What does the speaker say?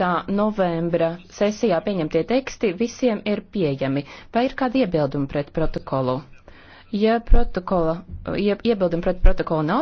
Tā novembra sesijā pieņemtie teksti visiem ir pieejami. Vai ir kādi iebildumi pret protokolu? Ja protokola, ja iebildumi pret protokolu nav,